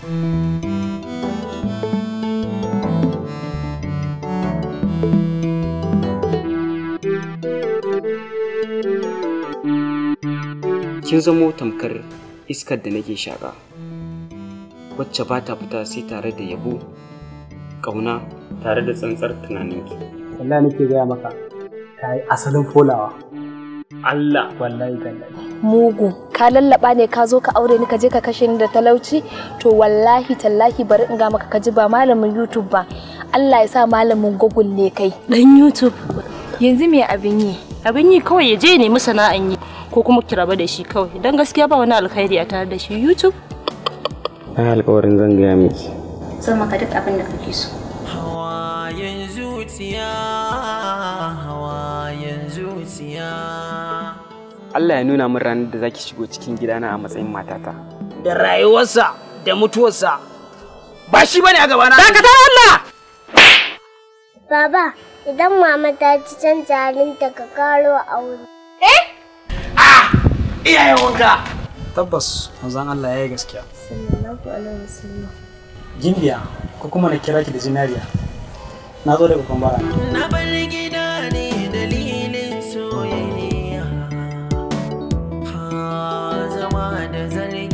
Kin zamo tamkar iskar da nake shaƙa, wacce ba ta fita sai tare da yabo, ƙauna tare da tsantsar tunaninki. Allah nake gaya maka, ta yi asalin folawa. Allah wallahi tallahi mugu ka lallaba ne ka zo ka aure ni ka je ka kashe ni da talauci to wallahi tallahi bari in ga maka ka ji ba malamin YouTube ba Allah ya sa malamin Google ne kai dan YouTube yanzu me abin yi abin yi kawai ya je nemi sana'an yi ko kuma kiraba da shi kawai dan gaskiya ba wani alkhairi a tare da shi YouTube na alƙawarin zan gaya miki zan maka duk abin da kake so hawayen Allah ya nuna min ranar da zaki shigo cikin gidana a matsayin matata. Da rayuwarsa da mutuwarsa ba shi bane a gabana. Dakatar Allah! Baba, idan mama ta ci canza ta ka karo a wuri. Eh? Ah! Iyaye wanka! Tabbas, manzon Allah ya yi gaskiya. Sallallahu alaihi wasallam. Gimbiya, ko kuma na kira ki da zinariya. Na zo daga kwambara. Na bar mind doesn't